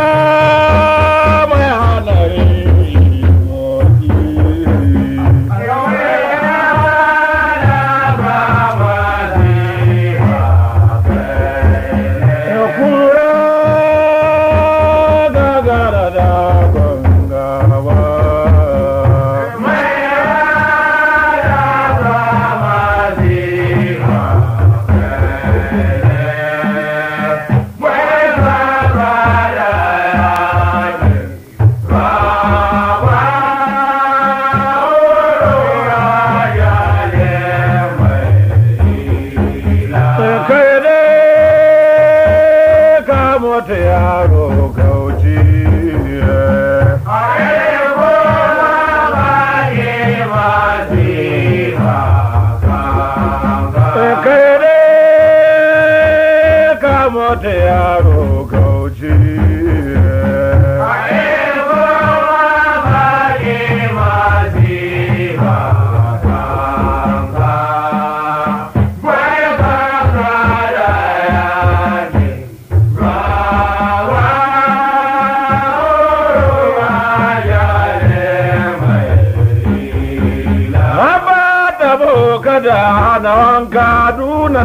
Ah!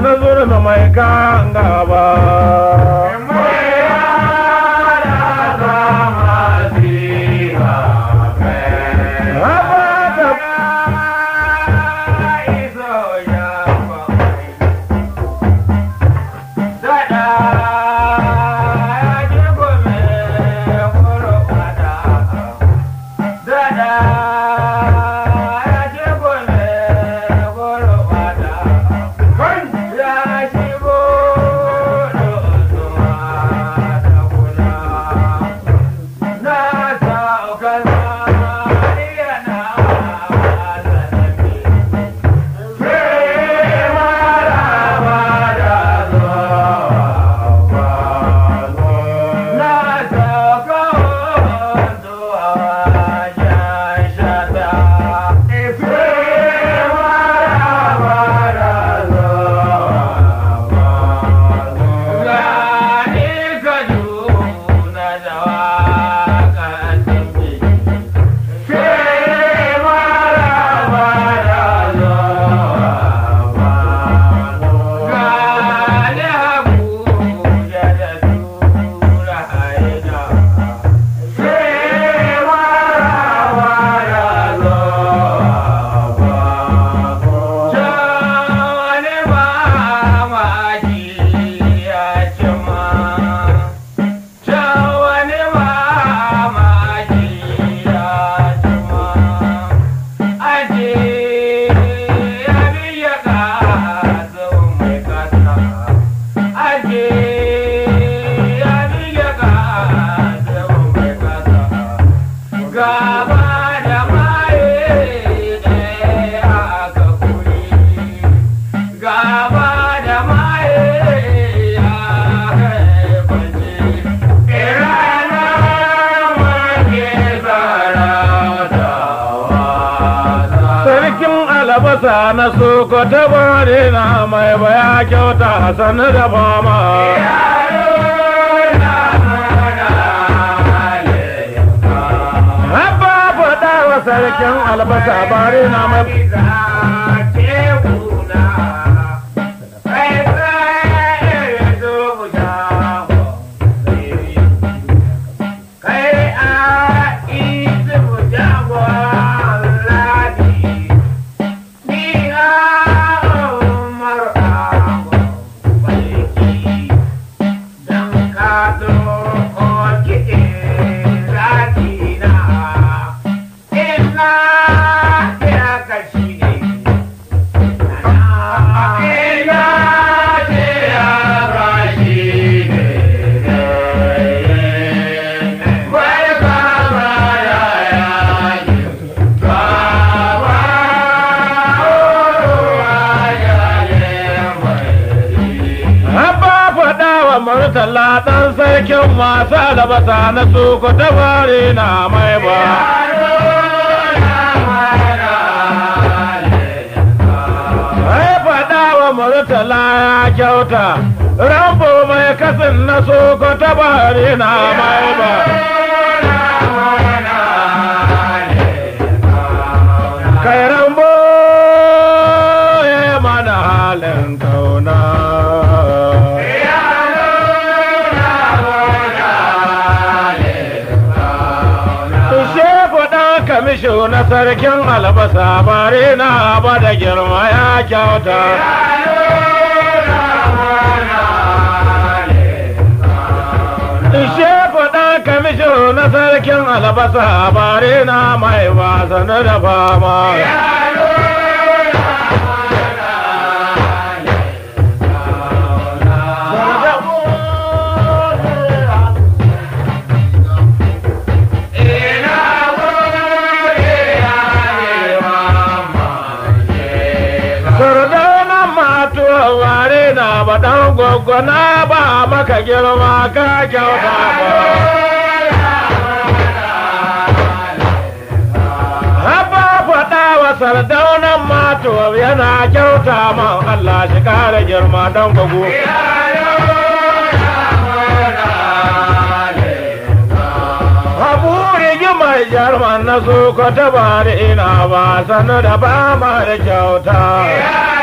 na zurna mai ganga ba. wata bane na mai baya kyauta sannu da fama. sarkin albasa bari na mafi murtala ɗan sarkin masu albasa na suku tabari na mai ba. murtala ya kyauta rambo mai kasin na suku tabari na mai ba. sarkin albasa bare na ba da girma ya kyauta. Ishe faɗa kamishin na sarkin albasa bare na mai wasan da fama. goggo na ba maka girma ka kyauta Haba faɗa wa sardaunan mato yana kyauta ma Allah shi da girma don gogo. Jarman na su ko tabari ina ba sanu da ba da kyauta.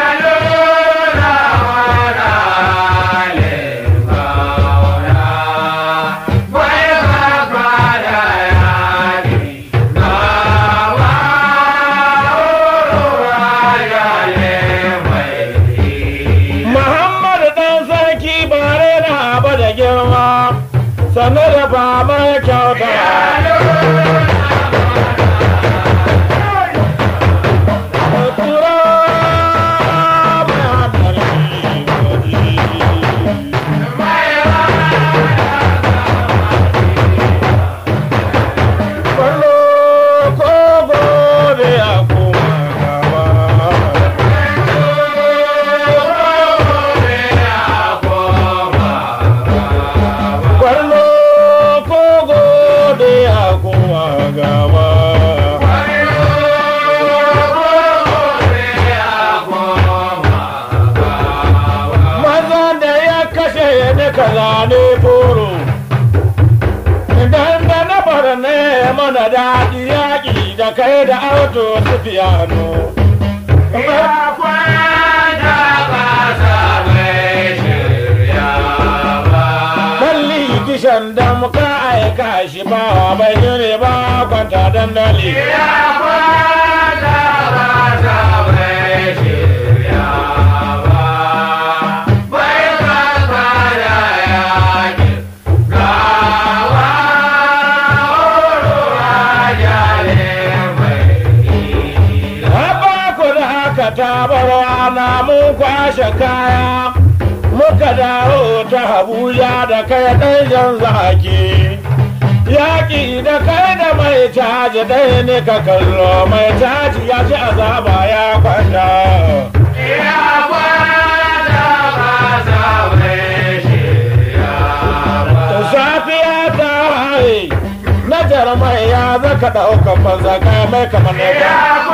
girma sanar da ba mai kyauta da kai da auto da piano. Ya ba kishan da muka aika shi ba bai ne ba kwanta dandali. Ya kwanta ba mai shirya kwashe kaya muka dawo ta Abuja da kai ɗan jan zaki. Yaƙi da kai da mai caji ɗaya ne ka kallo mai caji ya ci azaba ya kwanta. Ya ba Safiya ta na jarumai ya zaka banza mai kamar na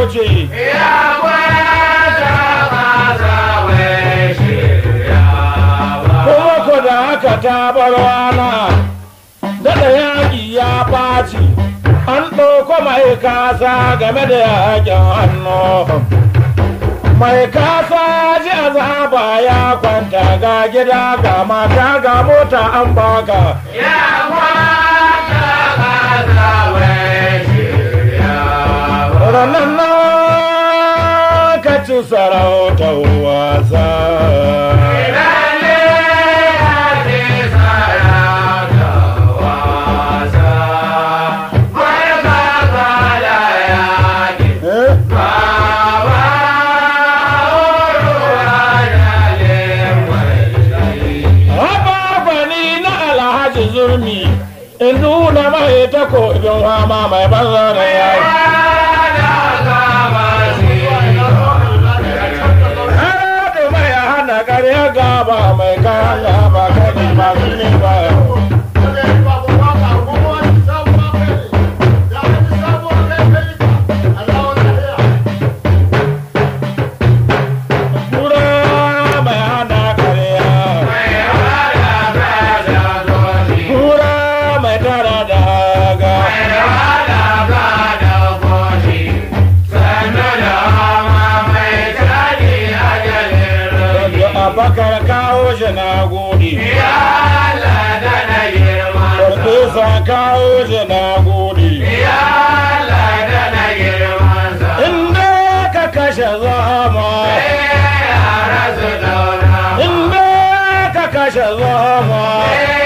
goce ya kwata wai ko da haka ta bar rana daɗa yaƙi ya ɓaci an ɗauko mai kasa game da yaƙin hannu mai kasa ji azaba ya kwanta ga gida ga mata ga mota an baka ya kwanta wai kusala otawaza abakar kawo shi na gode ya Allah da na girma farfesa kawo shi na gode ya Allah da na girma inda ka kashe zama inda ka kashe zama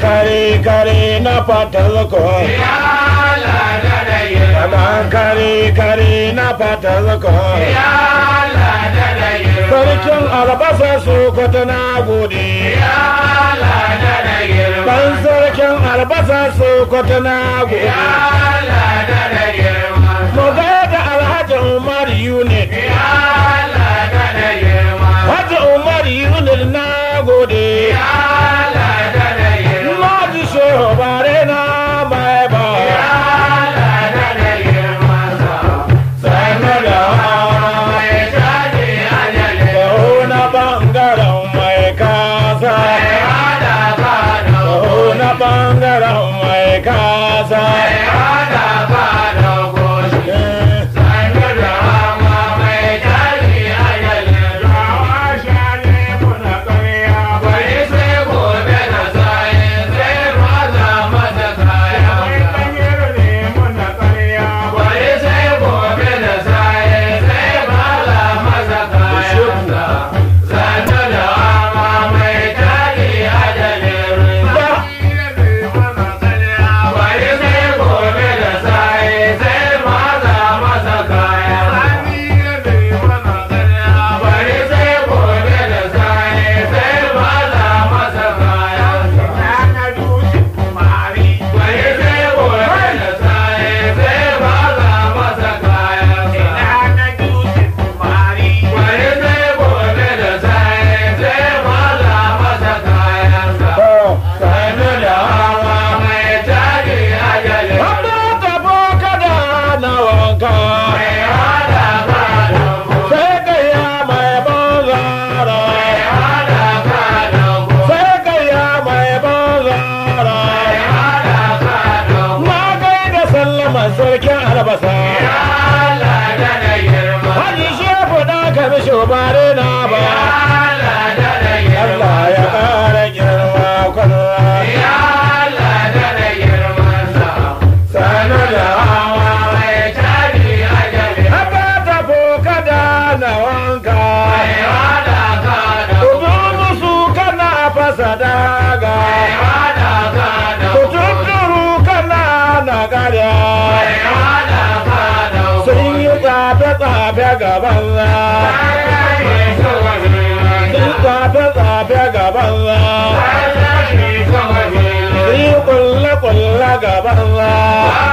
kare kare na fatar ko Aman kare kare na fatar ko Sarkin albasa su kwata na gode Ban sarkin albasa su kwata na gode Mu da Alhaji Umar Unit Hajji Umar Unit na gode albasa Wani shi ya fuda ka bi shubare na ba zabe gaban za sun zabe zabe gaban za sun kulle kulle gaban za